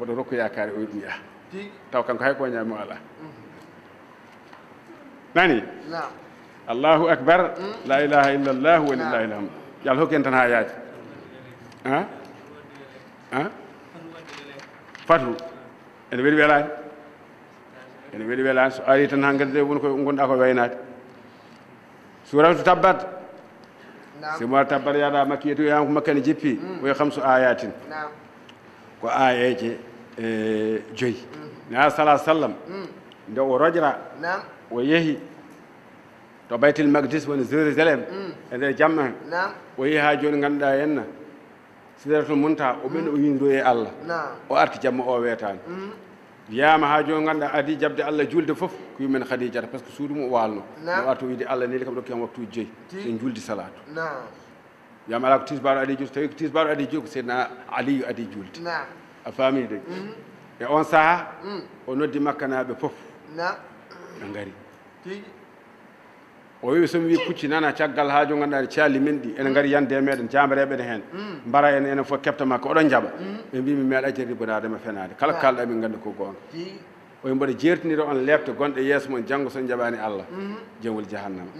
mboɗo rokku yakare o yiɗumiya taw kanko hay ko ñaami ala mm-hmm. nani allahu akbar mm-hmm. la ilaha illa llah walillahi lhamdu yal hokken tan ha yaade fatu ene weɗi welani ene weɗi welani so ari tan ha gadde woni ko gonɗa ko waynade suratu tabbat simoir tabbat yaɗa makkiyetu e yan ko makka ne jippi mm. oyo kam so ayatin ko ayeje E, joyi nana salah sallam mm. nde o rojra o yehi to baytel magdis woni jérusalem mm. e nder jamma hen o yehi ha joni ganduɗa e henna sidara to munta o mm. ɓen o windu e allah o arti jamma o wetani wiyama ha joni ganduɗa adi jabde allah julde foof ko yummen hadijata par ce que suudu mum o walno o arti o wide allah neli kam ɗokki hen waktuji joyi sen julde salatu wiyama ala ko tisbaro adi julde tawi ko tisbaro adi julde ko sedna aliyu adi julde a faami de e on saaha o noddi makka naaɓe fof ɓe ngari o wiɓe somi wi pucci nana caggal haa jo ngannduɗa ne calli min ɗi ene ngari yande e meɗen jambareɓe ne heen mm. mbara en enen fof kebta makka oɗon jaɓa mm. ɓe mbi mi meeɗa jarri bonade ma fenade kala ko kalɗa min ngandi ko goonga oye mboɗa jertinira on lebte gonɗe yeeso mon janngo son jaɓani allah mm-hmm. jawol jahannama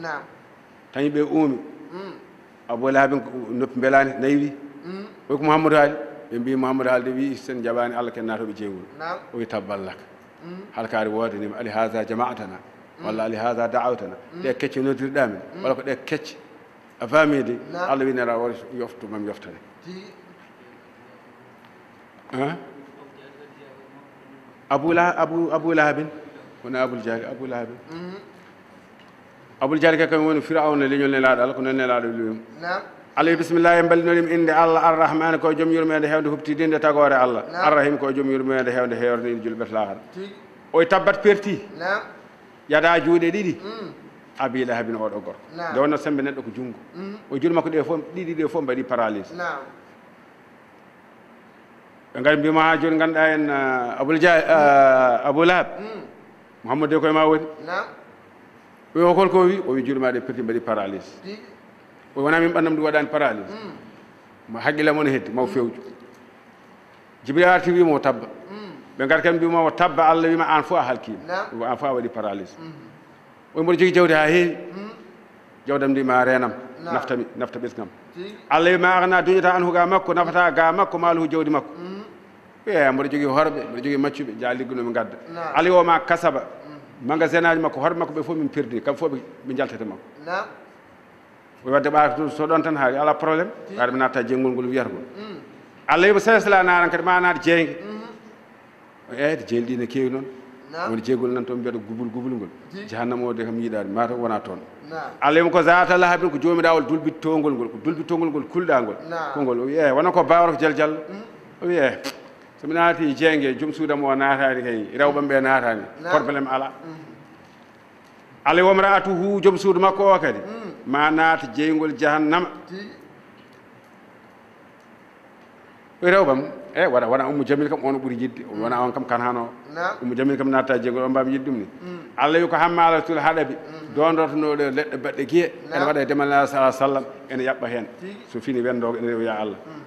tañi ɓe uumi mm. abou laabi noppi mbelani nayiwi oy ko mouhamadou ali ɓe mbi mamadou haalde wi sen jaɓani allah ken natoɓe jeygol o wi tabballaka halkari woodanima ali haga jamaatana walla ali haga da'awtana ɗe kecce noddirɗamin walla ko ɗe kecce a faamide allah wi nera won yoftu mam yoftane abou lahabin wona aboul jari abou lahabin aboul jari ka kañum woni firawna leñol nelaɗo allah ko noon nelaɗo luyum allah wi bisimilla en mballinorim innde allah arrahmane koye joom yurmede hewde huɓtidinde tagore allah arrahim koye joom yurmede hewde hewrde ine julɓet laara oye tabbat perti yada juuɗe ɗiɗi abi lahabin oɗo gorko nde wonno sembe neɗɗo ko junngo o juuɗe makko ɗe fof ɗiɗi ɗe fof mbaɗi paralyse ɓe ngari mbima ha joni ganduɗa en aboulia abou lahab mouhamadou de koye ma woni wi o holko wi o wi juuɗe ma ɗe perti mbaɗi paralyse o wona min ɓannam ndi waɗani paralyse ma haqqilla mon e heddi maw fewju jibril arti wiima o tabba ɓe gar kam mbima o tabba allah wiima an fof a halkima wima an fof a waɗi paralyse mhm. o mboɗo jogui jawdi ha heewi mhm. jawdam ndi ma renam naftami nafta ɓesgam allah wima ana duñata an huga makko nafata ga makko maalohu jawdi makko mhm. ey mboɗo jogui horɓe mboɗo jogui maccuɓe ja liggunomi gadda allah wiwoma kasaba magasin aji makko horɓe makko ɓe fof min pirdi kam fof ɓe jaltete makko wadde ɓaa so ɗon tan haali ala probléme waade mi natta jeygol ngol wiyata ngol allah yiɓa sesla naaran kadi ma naata jeeyge mhm. eyde jeeli ɗi ne keewi noon woni jeygol nan to mi mbiyaɗa gubul gubul ngol jahannama ode kam yiiɗaani mata wona toon allah yima ko zata laabi ko joomiɗa ol dulbittongol ngol ko dulbittongol ngol kulɗa ngol kongol o wi e wona ko bawata ko jal jallo mm. o wi e so mi naati jeeyge joom suudama o naatani kay rewɓam ɓe naatani probléme ala mm. allah yi womra atu hu joom suudu makko o kadi mm. ma naata jeyngol jahannama ɓe rewbam e waɗa wona ummo jamil kam on ɓuri yidde wona on kam kan hano ummo jamil kam natta jeygol on mbawmi yidde ɗum ni mm. allah wi ko hammaalatul haɗaɓi mm. dondotonoɗe leɗɗe baɗɗe guiye ene waɗa demalla sa sallam ene yaɓɓa hen so fini wendoga ene rewya allah mm.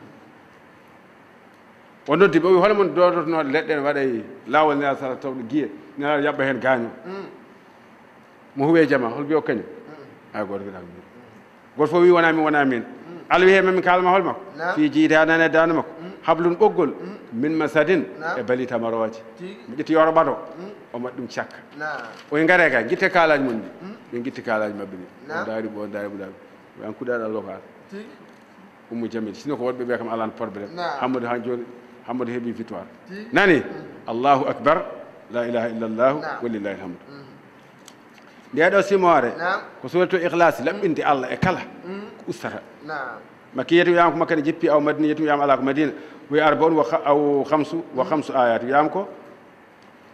o noddi ɓewi holemon dondotonoɗe leɗɗe ene waɗay e lawol nela sallah tawɗo guiye nela yaɓɓa hen gaño mo huwe jama holɓi o kañum ay goto giɗa min goto fof wi wona min wona min allah wi he mamin kalma hol makko fi jiidanani e dande makko hablun ɓoggol min masadin e bali tamaroje mi ƴetti yoro ɓato omo ɗum cakka oye gaare kay guitte kaalaji mum ɗi ɓe guitti kaalaji mabɓe ɗi o daari ɓo daari ɓuɗaɓe an kuɗaɗo allah ko ar ummu jamil sino ko woɗɓeɓe kam alano probléme hammadou ha joni hammadou heeɓi victoire nani allahu acbar la ilaha illallahu walillahi alhamdu ndee ɗo simoore ko sowelto ihlas mm. laɓɓinde allah e kala mm. ko ustata makki yeti wiyama ko makka ne jippi aw madina yeti wiyama ala ko madina wi arbaun wa aw hamsu wa mm. hamsu ayat wiyama ko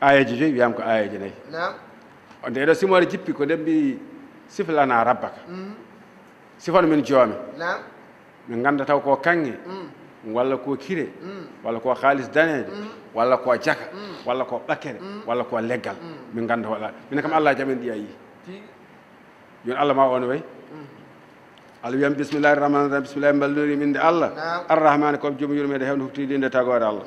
ayaji joyi wiyama ko ayaji nayyi nde ɗo simoore jippi ko ndembi siflana rabbaka sifano min joome min ganda taw ko kange walla ko kire walla ko haalis daneje walla ko jaka walla ko ɓakere walla ko leggal min ganda waɗa min kam allah jamin ɗiya yii joni allah ma on way hmm. allah wiyam bisimillahi rahmani rahim bisimillahi min de allah hmm. rahman ko yurme de hewnu huftide dinde tagor allah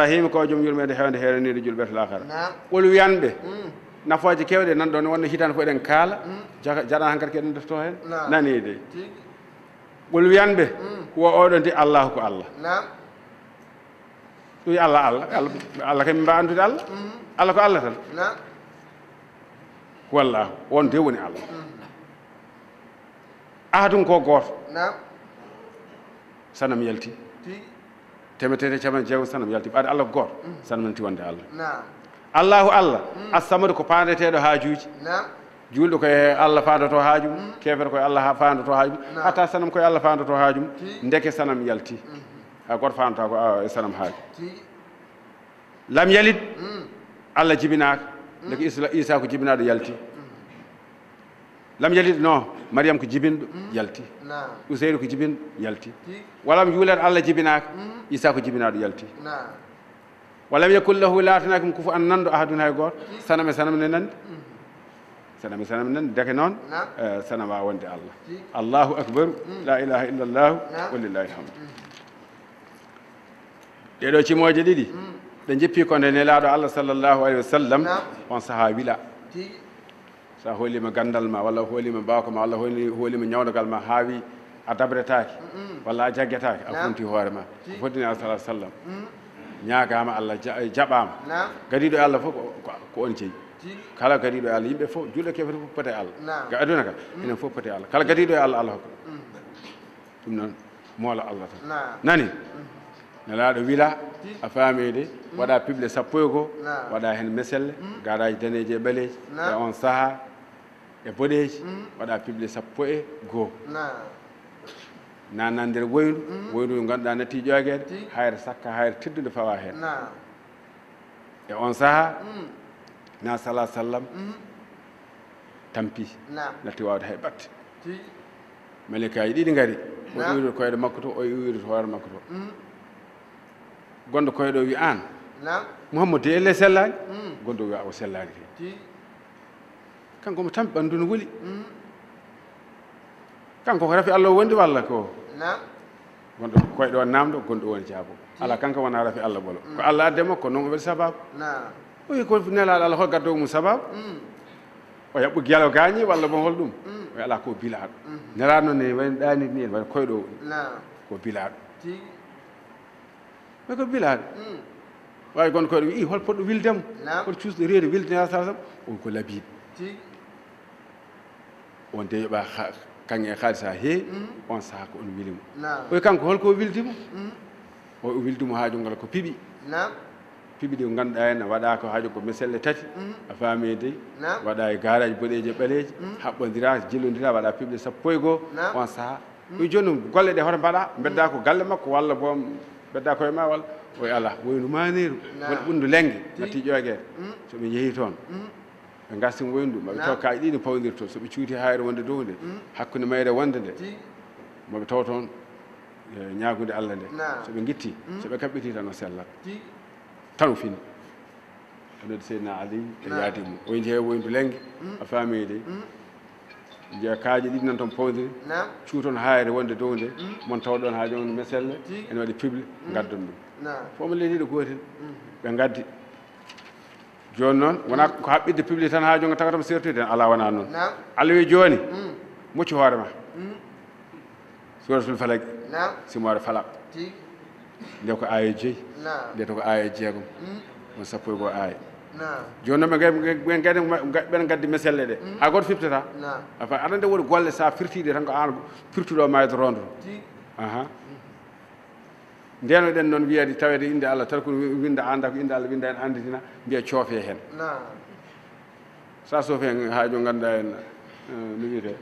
rahim ko joom yurmede hewde heranide julberto lakara ɓol na hmm. nafoje kewde nan don wonno hitan fof den kala jara hankar keɗen defto hen nani de ɓol wiyanɓe wo oɗon di Allah ko allah tu allah allah allah kadi min allah allah ko allah tan والله وان ديوني الله أهدون كو غور نعم سنم يلتي تمتين تشامن جاو سنم يلتي بعد الله غور سنم نتي وان الله نعم الله الله السمر كو فاندي تيدو هاجوج نعم جولو كو الله فاندو تو هاجوم كيفر كو الله فاندو تو هاجوم حتى سنم كو الله فاندو تو هاجوم ندكي سنم يلتي أقول فانتا أقول سلام حاج. لم يلد الله جبناك daga isla isa ko jibinaɗo yalti lam yalid non mariam ko jibinɗo yalti useyru ko jibinɗo yalti walam yuulat allah jibinaka isa ko jibinaɗo yalti walam yakun lahu latanakum kufu an nanɗo ahadun hay goto saname sanam ne nandi saname sanam nandi deke noon sanama wonde allah allahu akbaru la ilaha illa llahu walillahi lhamdu ɗeɗo cimoje ɗiɗi ɓe jeppi konde nelaɗo allah sallllahu alayhi wa sallam on saaha wila sa hoolima gandal ma walla hoolima bawko ma walla hoolima ñawdogal ma haawi a dabretaki walla a jaggetaki a funti hoore ma ko foddini allah salah sallam ñaagama allah jaɓama gadiɗo allah fof ko on jeeyi kala gadiɗo e allah yimɓe fof julɗo kefete fof pote allah ga aduna ka enen fof pote allah kala gadiɗo e allah allah hokka ɗum noon moola allah tan nani nelaaɗo wila a faamede hmm. waɗa piɓle sappo e goo waɗa heen meselle hmm. garaji daneji e ɓaleji e on saaha e boɗeji hmm. waɗa piɓle sappo e goo nanna nder woynu woynu yo ganduɗa natti ƴoogede hayre sakka hayre teddude fawa heen e on saaha na sala sallam tampi natti wawde hay batte malikaji ɗiɗi gaari o iwrir koyɗe makko to o iwrir hoore makko to gonɗo koydo wi an de elle eh, sellani mm. gonɗo wi o sellani fi kanko mo tampi bandu no woli mm. kanko ko rafi allah o wondi walla ko gonɗo gondo koydo namdo gonɗo woni jabo ala kanko wana rafi allah ɓolo mm. ko allah addema ko noon o sabab sababu o wi ko nelaɗo allah hol gaddowo mum sababu o yaɓɓu giyal o gaañi walla bon hol ɗum o ala ko bilaɗo nelaɗo ne wani ɗani ni ene waɗi koyeɗo ko bilaɗo wey ko bilaaɗo mm. wawi gonda koye ɗum i hol poɗɗo wildemo hol cuusɗo reedi wildina sa sam o ko labiɗ e mm. on de yoɓa kañ e haalis ha heewi on saaha ko on wilimo oy kanko holko wildimo mm. o wildimo haaju ngal ko piɓi piɓi ɗi ganduɗa henna waɗa ko haaju ko meselle tati a faami e dey waɗa e gaaraji boɗeji ɓaleji haɓɓodira jillodira waɗa piɓiɗe sappo e goo on saaha yo joni golle ɗe hoto mbaɗa mbedda ko galle makko walla bom bedda koye ma walla oye ala woynu maniru woni ɓundu lengue batti ƴoguede mm. soɓe jeehi toon mm. ɓe gasti woynu ɗum maɓe taw kaƴi ɗi no pawdir toon soɓe cuuti hayre wonde dow nde mm. hakkude mayre wonde nde maɓe taw toon e, ñagude allah nde soɓe guitti soɓe kamɓiti tan o sellat taw fini anode seydna ali e yaadi mum oye jeehe woyndu lengue a faami de jeya kaaje ɗiɗi nan toon pawdiri cuu toon haayre wonde dow nde mm. mon tawa ɗon haaje wonde meselle ene waɗi publi mm. ngaddon ɗum fof mo leydiɗo gootel mm. ɓe ngaddi jooni noon wona ko haɓɓidde publi tan haa jonga tagatoma sertude en ala wona noon alawi jooni muccu hoore ma suratul falag simoore falaɓ nde ko aaye joyi nde to ko aaye jeegom on sappo e goo aaye jooni noon ɓeen gaddi meselle ɗe hmm. hay goto firtata afa aɗa nde woni golle so firtiiɗe tan ko an firtuɗo mayde rondo ndeeno ɗen noon wiyeede tawede innde allah tawi ko winnde annda ko innde allah winnda en annditina mbiya coofe heen sa soofi hen haajo ngannduɗa en no eh, wiyetee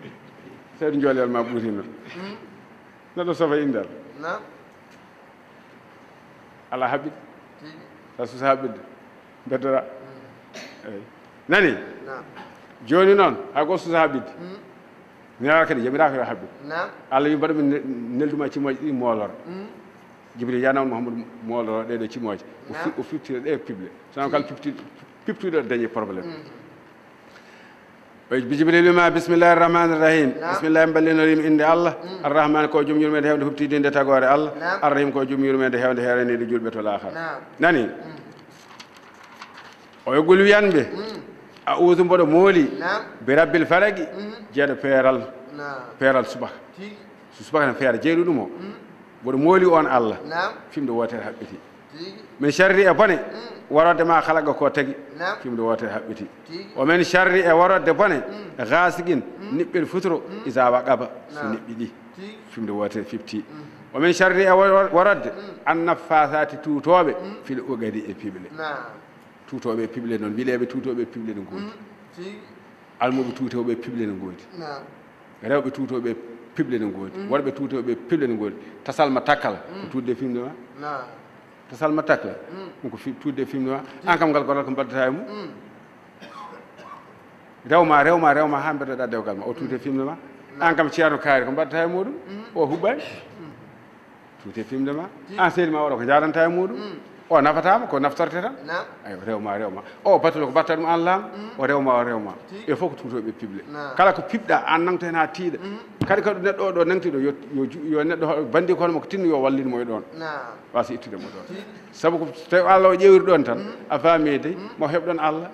seydo joolel ma ɓuutino hmm. neɗɗo sofa innde allah alaa haɓɓide sa susa haɓɓidde beddoɗaa ناني نعم جوني نون أقول سحبيت نعاك لي جميل أخي أحبك نعم على يبر من نل ما تيموج مولر جبل جانا محمد مولر ده تيموج وفي وفي تير ده بيبل سامع قال بيبل بيبل ده دنيا problem بجبل لما بسم الله الرحمن الرحيم بسم الله بل نريم إن الله الرحمن كوجم يرمي ده هون هبتي دين ده تقوى الله الرحيم كوجم يرمي ده هون ده هرني رجول بتو الآخر ناني ويقول لي أنبي أعوذ بالله مولي نعم. برب الفلق جاد فيرال نعم. فيرال صباح صباح أنا نعم فيرال جيلو نمو بالله مولي وان الله فيم دو واتر حبيتي من شر أبني ورد ما خلقه كوتك فيم دو واتر حبيتي ومن شر ورد أبني غاسقين نب الفطر إذا وقب سنب دي فيم دو واتر فيبتي ومن شر ورد أن نفاثات توتوابي في الأوغادي إبيبلي نعم tutoɓe piɓle noon wileɓe tutoɓe piɓle no goodi hmm, almuɓe tutoɓe piɓle no goodi rewɓe tutoɓe piɓle no goodi hmm. worɓe tutoɓe piɓle no goodi tasalma takkala ko hmm. tutde film ɗema tasalma takkala ɗumko tutde film ɗema an kam ngal gorral ko mbaddata e mum rewma rewma rewma ha mbeddoɗa dewgal ma o tuute film ɗema an kam ceerno kaari ko mbaddata e muɗum o huɓɓani tuute film ɗema an seydi ma oɗo ko jadanta e muɗum o nafatama ko naftorte tan ay rewma rewma o batal ko battaɗum an laam mm. o rewma o rewma e fof ko tutoɓe piblé kala ko piɓɗa an nangto hen ha tiiɗa mm-hmm. kadi kadi neɗɗo o ɗo nangtiɗo yo yo neɗɗo bandi kono mo ko tinno yo wallinmo e ɗon wasa ittude mo ɗon saabu ko tawi allah o ƴewiri ɗon tan mm-hmm. a fami dey mm-hmm. mo heɓɗon allah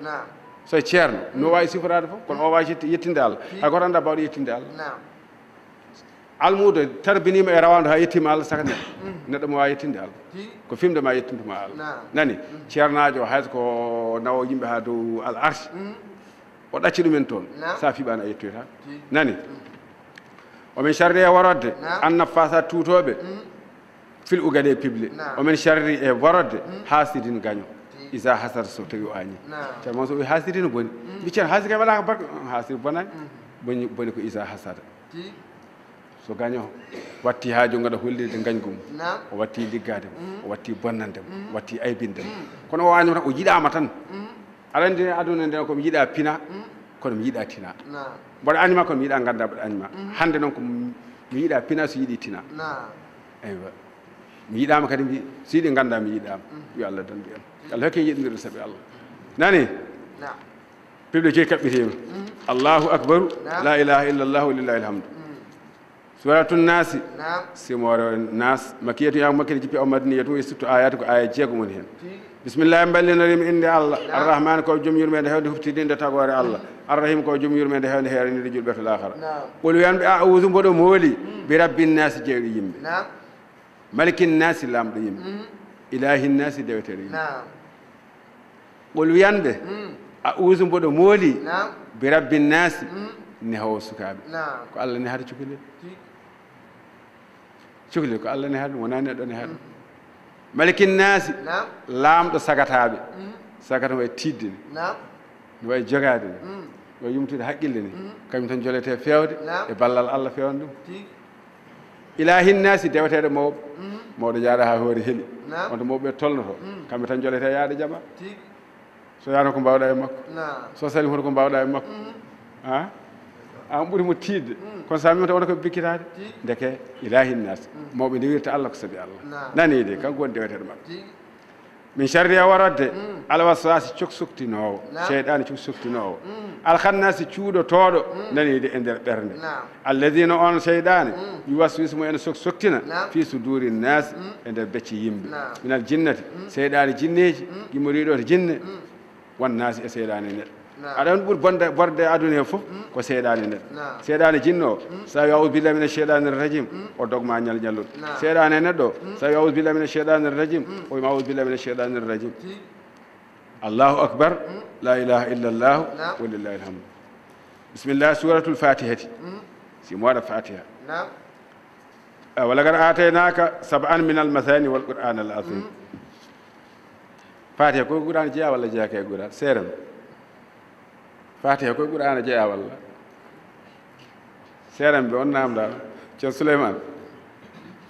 soye ceerno no wawi sifirade foof kono o wawi yettinde allah hay goto anda mbawɗo yettinde allah almuude tarbiniima e rawaandu haa yettiima allah saka neɗɗo neɗɗo mo waawi yettinde allah ko fimde ma yettintuma allah nani mm. ceernaajo o hayso ko nawo yimɓe haa dow al arche mm. o ɗacci ɗumen toon so fiɓaani a yettoyta nani mm. omin charri e warodde annab faasa tuutooɓe fil ugade e piblé omin charri e warodde haasidin gaño isa hasar so tawi o aañi ceerno mon so wi haasidino boni mbi ceerno haasi kay waɗaa ko barke haasir bonani boni boni ko isa hasada so gaño watti haaju ngaɗa hollirde gañgu mum o watti liggade mu mm-hmm. o watti bonnande mu o mm-hmm. watti aybinde mu mm-hmm. kono o wani tan o jiɗama tan aɗa andi e aduna nde komi yiiɗa pina kono mi yiiɗa tina mbaɗa anima komi yiiɗa ganda mbaɗa anima hande noon ko mi yiiɗa pina so yiiɗi tina eywa mi yiiɗama kadi mbi so yiiɗi ganda mi yiiɗama yo allah dandu en allah hokki yiɗodir saabi allah nani pibɗo joyi kaɓɓitima allahu akbaru la ilaha illa llahu lillahi ilhamdu suratu nasi simore nas makkiyatu yako makkide jippi o madiniyatu e surtout ayata ko aya jeego woni hen bisimillahi ballinarima inde allah arrahmane ko joom yurmede hewde huftidinde tagore allah arrahim ko joom yurmede hewde heranide julɓe to lahara ɓol wiyanɓe audu mboɗo mooli bi rabbinnasi jewɗo yimɓe malikinnasi lamɗo yimɓe ilahinnasi dewtere yimɓe ɓol wiyanɓe audu mboɗo mooli bi rabbinnasi ne hawo sukaɓe ko allah ne haata cukalel شوف لك الله نهدم ونانا نهدم ملك الناس نعم لام دو ساكت هابي ساكت هو تيدين نعم هو جغادين هو يمتد حقلين كم تنجولة فيود نعم يبالل الله فيود إله الناس دوتة موب موب جارة هو رهيل نعم وانت موب يطلنه كم تنجولة يارة جمع تيك سيانو كم باودا يمك نعم سوسيل هو كم باودا يمك نعم an ɓuri mo tiidde mm. kono so mimata wona koɓe bikkitade ndeke ilahi nnas mm. mawɓe ndewirta allah ko saabi allah nani de kanko woni deweteɗo mabɓe min charri a waradde mm. alawasasi coksuktinowo cheyɗani coksuktinowo alhannasi cuuɗotoɗo nanide e nder ɓernde alladina on cheyɗani yuwaswisu mumen soksoktina fi suduri nnasi e nder becce yimɓe minal jinnati cheyɗani jinneji gimoriɗo to jinne wonnasi e seyɗani neɗɗo aɗa on ɓuuri bonde borde aduna hen foof hmm. ko seeɗani neɗɗo seeɗani jinno o hmm. so tawi awdu billah mine sheeɗanir régime hmm. o dogma ñal ñalluɗo seeɗani e neɗɗo so tawi awdu billah mine sheeɗanir régime o wima awdu billah mine sheeɗanir régime allahu acbar la ilaha illallahu walillahi ilhamdu bisimillah suratul fatihati simo waɗa fatiha walla kada aataynaka saban min almathani wal qur'an al azim fatiha koye guurani jeeya walla jeeya kaye guurani seerema fatiha koye ɓuraana jeya walla seeɗam be on namdaa ceen souleymane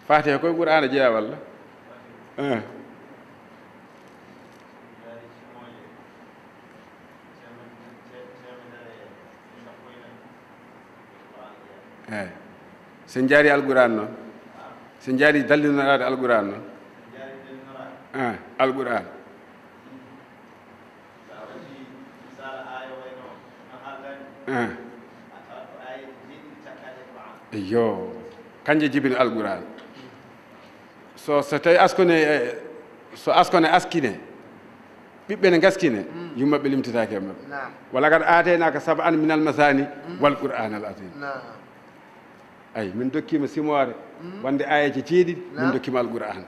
fatiha koye ɓuraana jeya walla eyi eh. eh. sen jaari alquran noon sen jaari dallinoraade alquran noon eh, alquran Eh. yo kanje jibin alquran so so tawi askone eh, so askone askine ɓiɓɓe ne gaskine mm. yummaɓe limtitake e ma. wala kad ka saba an minal masani mm. wal qur'an al atin ayi min dokkima simore mm. wonde ayeje ceeɗiɗi min dokkima alqur'an